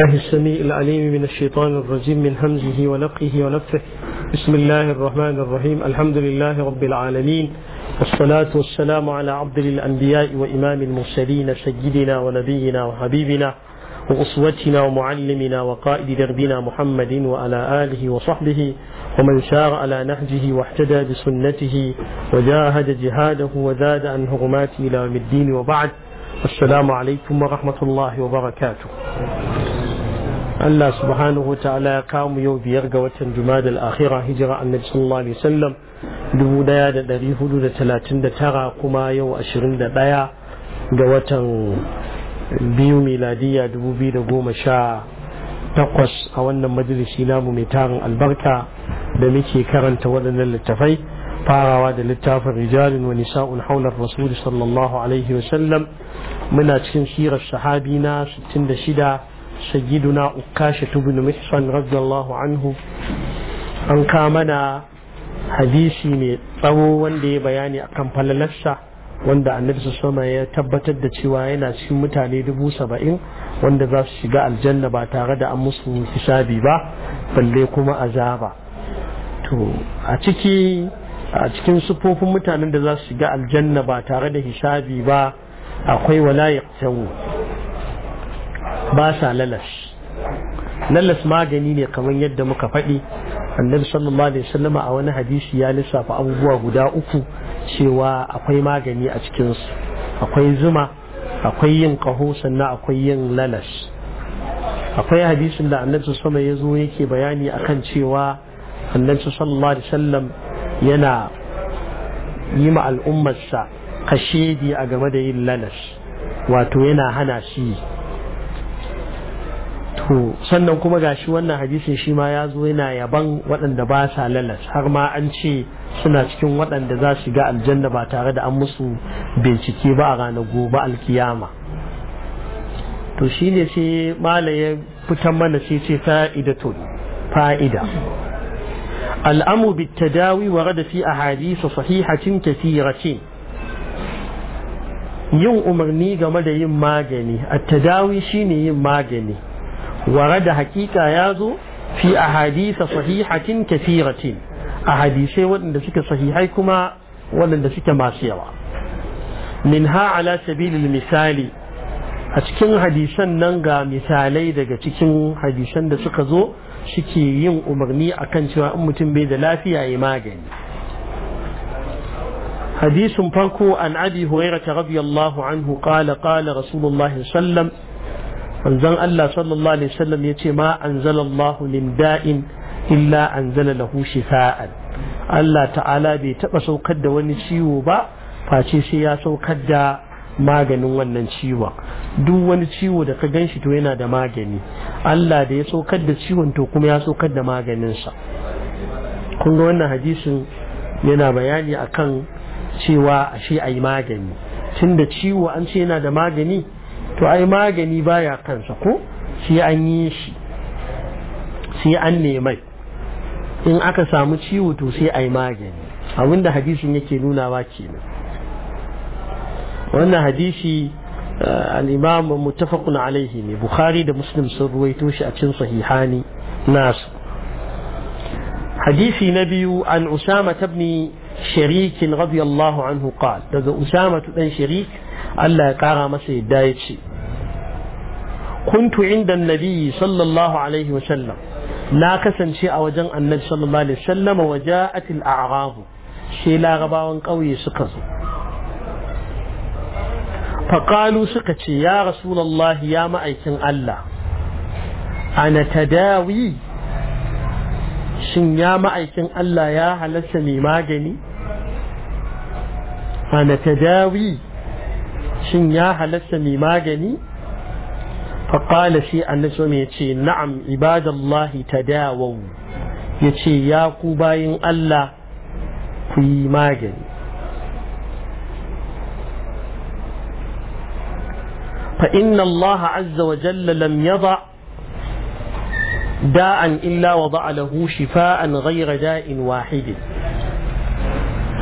الله السميع العليم من الشيطان الرجيم من همزه ونفخه ونفه بسم الله الرحمن الرحيم الحمد لله رب العالمين والصلاة والسلام على عبد الأنبياء وإمام المرسلين سيدنا ونبينا وحبيبنا وأسوتنا ومعلمنا وقائد دربنا محمد وعلى آله وصحبه ومن سار على نهجه واحتدى بسنته وجاهد جهاده وزاد عن هرمات إلى يوم الدين وبعد السلام عليكم ورحمة الله وبركاته Allah subhanahu wa ta'ala ya kamu yau biyar ga watan Jumada al-akhira hijira annabi sallallahu alaihi wasallam 1439 kuma yau 21 ga watan biyu miladiya 2018 a wannan majalisi namu mai tarin albarka da muke karanta waɗannan littafai farawa da littafin rijalin wa nisa'un haular rasul sallallahu alaihi wasallam muna cikin sirar sahabi na 66 سيدنا أكاشة بن محصن رضي الله عنه أن كامنا hadisi mai tsawo wanda ya bayani kan falalarsa wanda annabi sama ya tabbatar da cewa yana cikin mutane dubu saba'in wanda za su shiga aljanna ba tare da an musu hisabi ba balle kuma azaba to a ciki a cikin sufofin mutanen da za su shiga aljanna ba tare da hisabi ba akwai wala yaqtawu ba sa lalas lalas magani ne kamar yadda muka faɗi annabi sallallahu alaihi wasallama a wani hadisi ya lissafa abubuwa guda uku cewa akwai magani a cikinsu akwai zuma akwai yin ƙaho sannan akwai yin lalas akwai hadisin da annabi sama ya zo yake bayani akan cewa annabi sallallahu alaihi wasallam yana yi ma al'ummarsa kashedi a game da yin lalas wato yana hana shi to sannan kuma gashi wannan hadisin shi ma ya zo yana yaban waɗanda ba sa lalas har ma an ce suna cikin waɗanda za su ga aljanna ba tare da an musu bincike ba a ranar gobe alkiyama to shi ne sai mala ya fitan mana sai ce to, fa'ida al'amu bittadawi wa rada fi ahadisa sahihatin ce yin umarni game da yin magani at-tadawi shine yin magani ware da hakika ya zo fi a hadisa sahihatin kafiratin a hadisai waɗanda suke sahihai kuma waɗanda suke masu yawa min ala sabilil misali a cikin hadisan nan ga misalai daga cikin hadisan da suka zo suke yin umarni a kan cewa in mutum bai da lafiya ya magani hadisun farko an abi hurairata rabiyallahu anhu kala kala rasulullahi sallam manzon Allah sallallahu alaihi wasallam yace ma anzalallahu min da'in illa anzala lahu shifa'an Allah ta'ala bai taɓa saukar da wani ciwo ba face sai ya saukar da maganin wannan ciwon duk wani ciwo da ka ganshi to yana da magani Allah da ya saukar da ciwon to kuma ya saukar da maganinsa kun wannan hadisin yana bayani akan cewa ashe ayi magani tunda ciwo an ce yana da magani to ai magani baya kansa ko sai an yi shi sai an nemai in aka samu ciwo to sai ai magani abinda hadisin yake nunawa kenan wannan hadisi eh, al-imam muttafaqun alaihi ne bukhari da muslim sun ruwaito shi a cikin sahihani nasu حديث نبي عن أسامة بن شريك رضي الله عنه قال هذا أسامة بن شريك Allah ya kara masa yadda ya ce kuntu inda nabi sallallahu alaihi wa sallam, na kasance a wajen annabi sallallahu alaihi wa wasallam wa ja'atil a'rabu shi larabawan ƙauye suka zo faƙalu suka ce ya rasulallahi ya ma'aikin Allah ana tadawi shin ya ma'aikin Allah ya halarta mai magani ana tadawi shin ya halatta mai magani faƙala shi annisom ya ce na'am ibadallahi ta dawon ya ce ya ku bayan Allah ku yi magani fa inna Allah azza jalla lam yaba da'an illa wa ba'alahu shifa'an raira da'in wahidin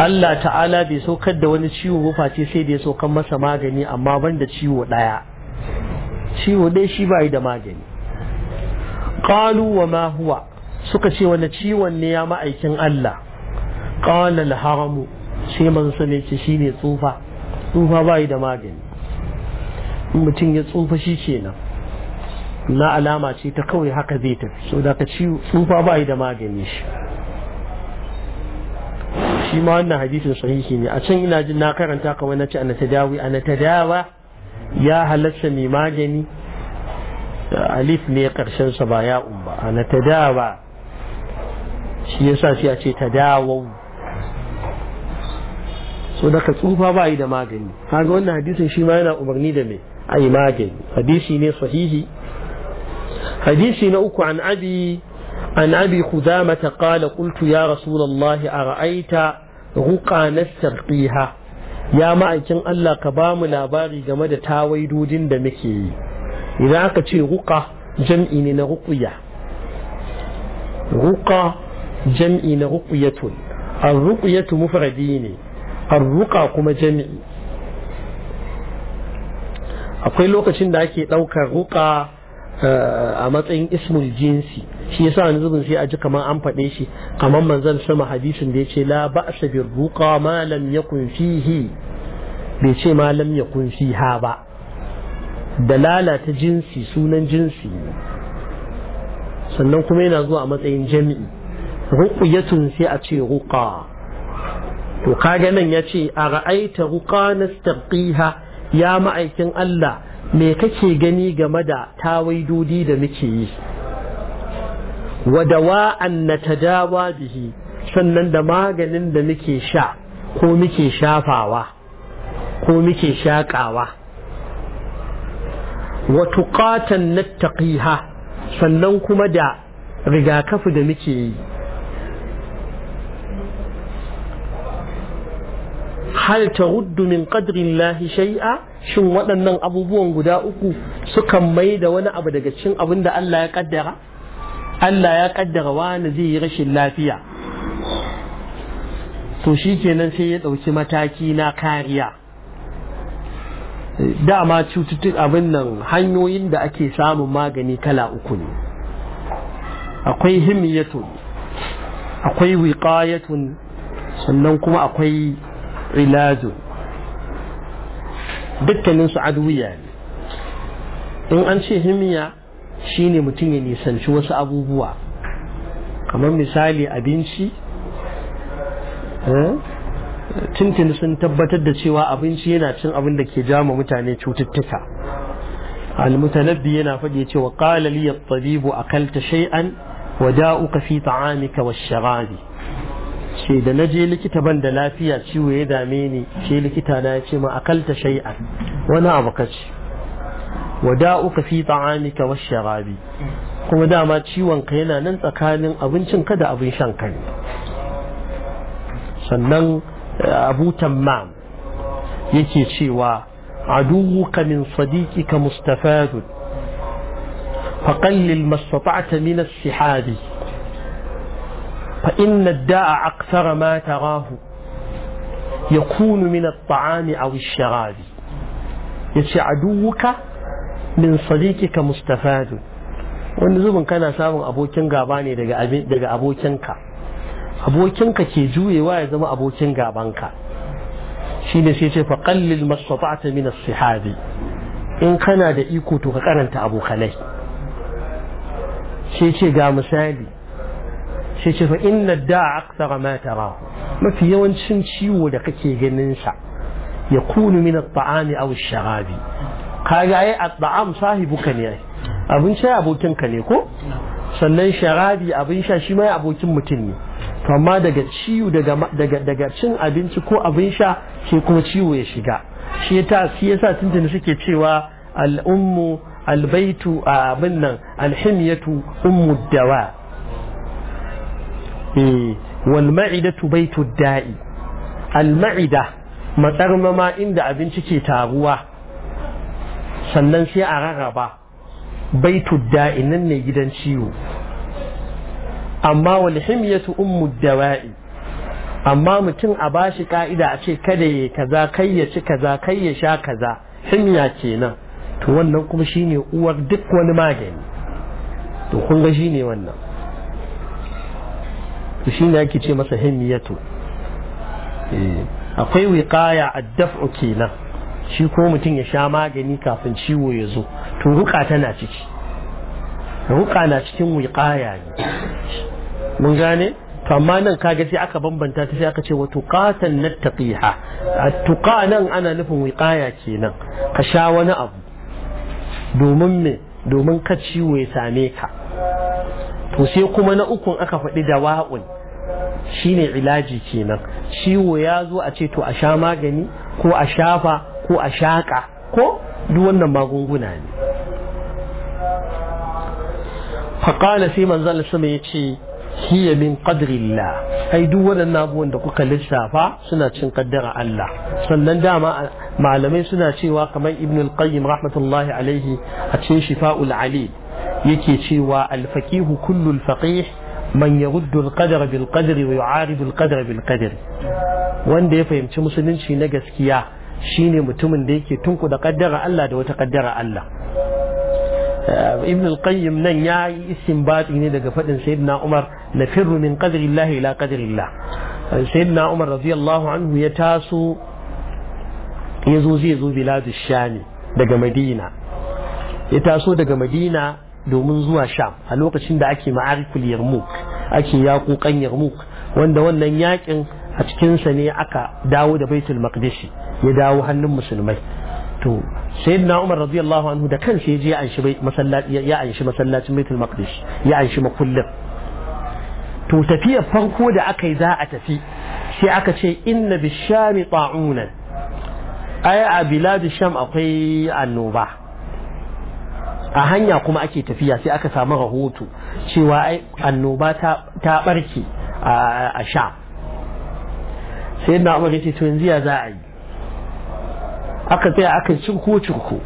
Allah ta'ala bai saukar da wani ciwo ba face sai da ya saukar masa magani amma ban da ciwo ɗaya ciwo ɗaya shi bai da magani qalu wa ma huwa suka ce wani ciwon ne ya ma'aikin Allah qala al-haramu sai manzo ne ce ne tsufa tsufa bai da magani mutum ya tsufa shi kenan na alama ce ta kawai haka zai tafi so da ka ciwo tsufa bai da magani shi shi ma wannan hadisin sahihi ne a can ina jin na karanta kawai na ce ana tadawi ana ya halatta mai magani alif ne karshen sa ba ya umba ana tadawa shi yasa sai a ce tadawau so daga tsufa ba yi da magani kaga wannan hadisin shi ma yana umarni da me ai magani hadisi ne sahihi hadisi na uku an abi عن ta خزامة قال ya يا a ra'aita أرأيت na نسترقيها ya ma'aikin Allah ka bamu labari game da tawaidodin da muke yi idan aka ce ruka jam'i na ruqya ruka jam'i na ruqyatun ar-ruqyatu mufradi ne ar-ruqa kuma jam'i akwai lokacin da ake ɗaukar ruƙa. a matsayin ismul jinsi shi yasa wani zubin sai a ji kamar an faɗe shi kamar manzon sama hadisin da ya ce la ba'sa bir ruqa ma lam yakun fihi bai ce malam lam yakun ha ba da lalata jinsi sunan jinsi sannan kuma yana zuwa a matsayin jami'i ruqyatun sai a ce ruqa to kaga nan ya ce a ra'aita ruqa nastarqiha ya ma'aikin Allah me kake gani game da tawaidodi da muke yi wa dawa'an natadawa bihi sannan da maganin da muke sha ko muke shafawa ko muke shakawa wa tuqatan nattaqiha sannan kuma da rigakafi da muke yi hal Ruddumin min lahi shay'a shin waɗannan abubuwan guda uku sukan mai da wani abu daga cikin abin da Allah ya kaddara Allah ya kaddara wani zai yi rashin lafiya to shikenan sai ya ɗauki mataki na kariya dama cututtuka abin nan hanyoyin da ake samun magani kala uku ne akwai himiyatun akwai wiqayatun sannan kuma akwai ilazu dukkanin su adwiya ne in an ce himiya shine mutum ya nisanci wasu abubuwa kamar misali abinci eh, tuntun sun tabbatar da cewa abinci yana cin abin da ke jama mutane cututtuka almutanabbi yana faɗi cewa qala li at-tabibu akalta shay'an wa da'uka sharabi ce da naje likita ban da lafiya ciwo ya dame ni ce likita na ya ce ma akalta shay'a wani abu kace wada'uka fi ta'amika wa sharabi kuma dama ciwon ka yana nan tsakanin abincin ka da abin shan ka sannan abu tammam yake cewa aduwuka min sadiqika mustafadun faqallil mastata'ta min as-sihabi فإن الداء أكثر ما تراه يكون من الطعام أو الشراب يتشي عدوك من صديقك مستفاد wani zubin kana samun abokin gaba ne daga abokinka abokinka ke juyewa ya zama abokin gabanka shi ne sai ce faƙallil masu min sihabi in kana da iko to ka karanta abokanai sai ce ga misali sai ce fa inna da'a aksara ma mafi yawancin ciwo da kake ganin sa ya kunu min at-ta'ami aw ash Ka kaga ai at sahibuka ne abin sha abokin ka ne ko sannan sharabi abin sha shi ma abokin mutum ne to amma daga ciwo daga cin abinci ko abin sha Ke kuma ciwo ya shiga shi yasa shi yasa tuntuni suke cewa al-ummu al-baitu abin nan al-himyatu ummu dawa Eh, wani ma'idatu baitud da'i alma'ida ma'ida matsarmama inda abinci ke taruwa sannan sai a rarraba baitud da'i nan ne gidan ciwo amma wal himyatu ummud dawa'i amma mutum a bashi ka'ida a ce kada ya kaza kai ya ci kaza kai ya sha kaza himya kenan to wannan kuma shine uwar duk wani magani to kun ga shine wannan to shine ake ce masa himiyatu eh, akwai wiƙaya a daf kenan shi ko mutum ya sha magani kafin ciwo ya zo to ruka tana ciki ruka na cikin wiƙaya ne mun gane to amma nan kaga sai aka bambanta ta sai aka ce wa na nattaqiha at-tuqa nan ana nufin wiqaya kenan ka sha wani abu domin me domin ka ciwo ya same ka to sai kuma na ukun aka faɗi dawa'un shine ilaji kenan ciwo ya zo a ce to a sha magani ko a shafa ko a shaƙa ko duk wannan magunguna ne faƙala sai manzon sama ya ce hiya min qadrillah ai duk waɗannan abubuwan da kuka lissafa suna cin kaddara Allah sannan dama malamai suna cewa kamar ibn al-qayyim rahmatullahi alaihi a cikin shifa'ul alim yake cewa alfaqihu kullul faqih man yaruddu alqadara bil qadri wa yu'aridu alqadara bil qadri wanda ya fahimci musulunci na gaskiya shine mutumin da yake tunkuda kaddara Allah da wata kaddara Allah eh, ibn al-qayyim nan ya yi istinbati ne daga fadin sayyidina umar na firru min qadri Allah ila qadri Allah eh, sayyidina umar radiyallahu anhu ya taso ya zo zai zo biladu shami daga madina ya taso daga madina domin zuwa sham a lokacin da ake ma'arikul yarmouk ake yaƙoƙan yarmouk wanda wannan yaƙin a cikinsa ne aka dawo da baitul ya dawo hannun musulmai to sayyidina umar radiyallahu anhu da kansa ya je ya anshi masallacin baitul ya anshi makullin to tafiyar farko da aka yi za a tafi sai aka ce inna bishami ta'unan ai a biladu sham akwai annoba a hanya kuma ake tafiya sai aka samu rahoto cewa annoba ta barke a sha sai na umar ce to yanzu ya za a yi aka tsaya aka cirko cirko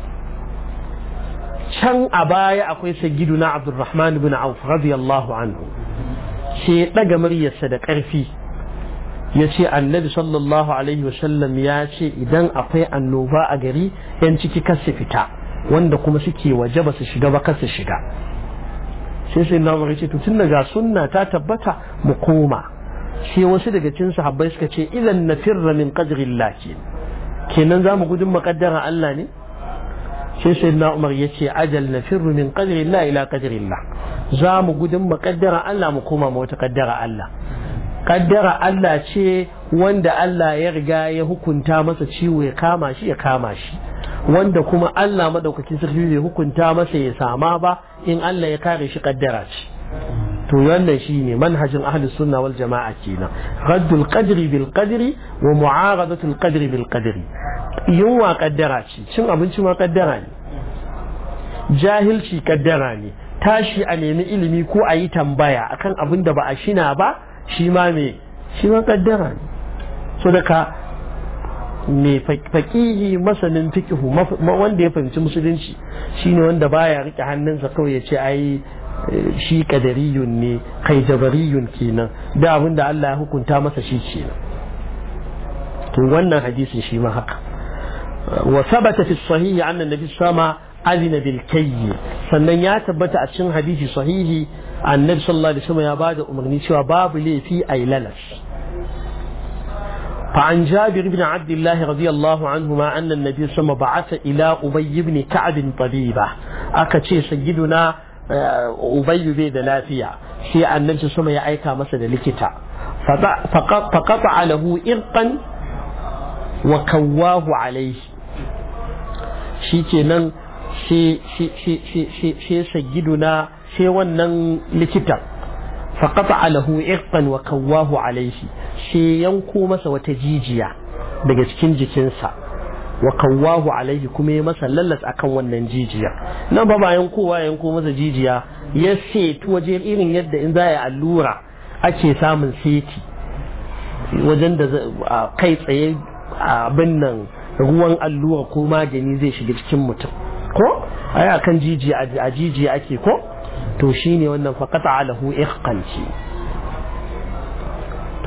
can a baya akwai sagidu na abdurrahman bin auf radiyallahu anhu sai daga muryarsa da karfi ya ce annabi sallallahu alaihi wasallam ya ce idan akwai annoba a gari yan ciki kasa fita wanda kuma suke waje ba su shiga ba kasa shiga sai sai na wuri ce to tun daga sunna ta tabbata mu koma sai wasu daga cikin sahabbai suka ce idan na firra min Laki. kenan za mu gudun makaddara Allah ne sai sai na umar ya ce ajal na firru min la ila la za mu gudun makaddara Allah mu koma ma wata kaddara Allah kaddara Allah ce wanda Allah ya riga ya hukunta masa ciwo ya kama shi ya kama shi wanda kuma Allah madaukakin sarki zai hukunta masa ya sama ba in Allah ya kare shi kaddara ce to wannan shine manhajin ahlus sunna wal jama'a kenan raddul qadri bil qadri wa mu'aradatul qadri bil qadri yunwa kaddara ce cin abinci ma kaddara ne jahilci kaddara ne tashi a nemi ilimi ko a yi tambaya akan abin da ba a shina ba shi ma me shi ma kaddara ne so daga mai faƙihi masanin fikihu wanda ya fahimci musulunci shine wanda baya rike hannunsa kawai ya ce ai shi kadariyun ne kai jabariyun kenan da abin da Allah ya hukunta masa shi kenan to wannan hadisin shi ma haka wa sabata fi sahihi anna nabi sama azina bil kayyi sannan ya tabbata a cikin hadisi sahihi annabi sallallahu alaihi wasallam ya bada umarni cewa babu laifi ai lalas فعن جابر بن عبد الله رضي الله عنهما أن النبي صلى الله عليه وسلم بعث إلى أبي بن كعب طبيبة أكتشي سيدنا أبي بيد لافية في النبي صلى الله عليه وسلم مثل لكتا فقطع له إرقا وكواه عليه shi kenan she sayyiduna she wannan likitan faƙafa alahu irqan wa kawwahu alaihi sai yanko masa wata jijiya daga cikin jikinsa wa kawahu alaihi kuma ya masa lallas akan wannan jijiya nan ba ba yankowa yanko masa jijiya ya setu waje irin yadda in za a allura ake samun seti wajen da kai tsaye abin nan ruwan allura ko magani zai shiga cikin mutum ko a akan jijiya a jijiya ake ko to shine wannan fakata alahu ihqanci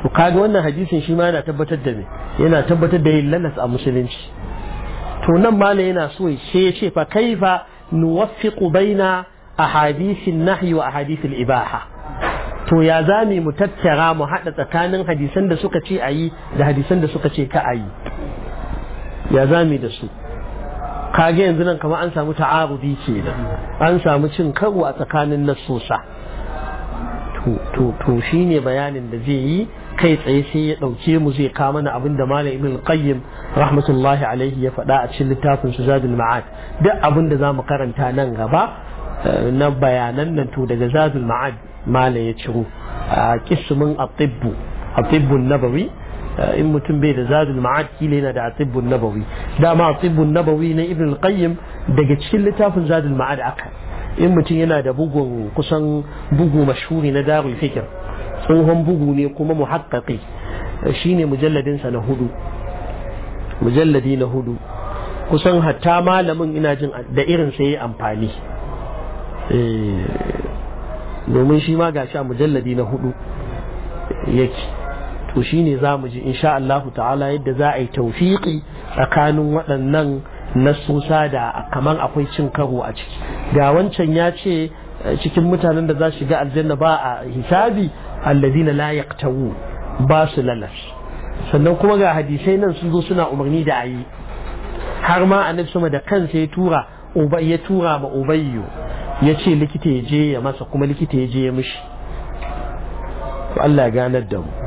to kaga wannan hadisin shi ma yana tabbatar da me yana tabbatar da yin lalas a musulunci to nan malam yana so ya ce fa kaifa nuwaffiqu baina ahadithin nahyi wa ahadithil ibaha to ya zame mu tattara mu hada tsakanin hadisan da suka ce ayi da hadisan da suka ce ka ayi ya zame da su kage yanzu nan kamar an samu ta'arudi da. an samu cin karo a tsakanin nasusa. to to to shine bayanin da zai yi kai tsaye sai ya ɗauke mu zai ka mana abin da malam ibn qayyim rahmatullahi alaihi ya faɗa a cikin littafin su zadul ma'ad duk abin da zamu karanta nan gaba eh, na bayanan nan to daga zadul ma'ad malam ya ciro a kismin atibbu Atibbu nabawi eh, in mutum bai da zadul ma'ad kila yana da atibbun nabawi dama atibbun nabawi na ibn qayyim daga cikin littafin zadul ma'ad aka in mutum yana da bugun kusan bugu mashhuri na darul fikr tsohon bugu ne kuma mu haƙaƙe shi ne mujalladinsa na hudu mujalladi na hudu kusan hatta malamin ina jin da irin sai amfani eh domin shi ma ga sha mujalladi na hudu yake to shine za mu ji insha Allah ta'ala yadda za a yi taufiƙi tsakanin waɗannan na nasusa da kamar akwai cin karo a ciki ga wancan ya ce cikin mutanen da za shiga aljanna ba a hisabi alladina la yaqtawu ba lalas sannan kuma ga hadisai nan sun zo suna umarni da ayi har ma annabi sama da kansa ya tura ya tura ma ubayyu ya ce likita ya je ya masa kuma likita ya je ya mishi Allah ganar da mu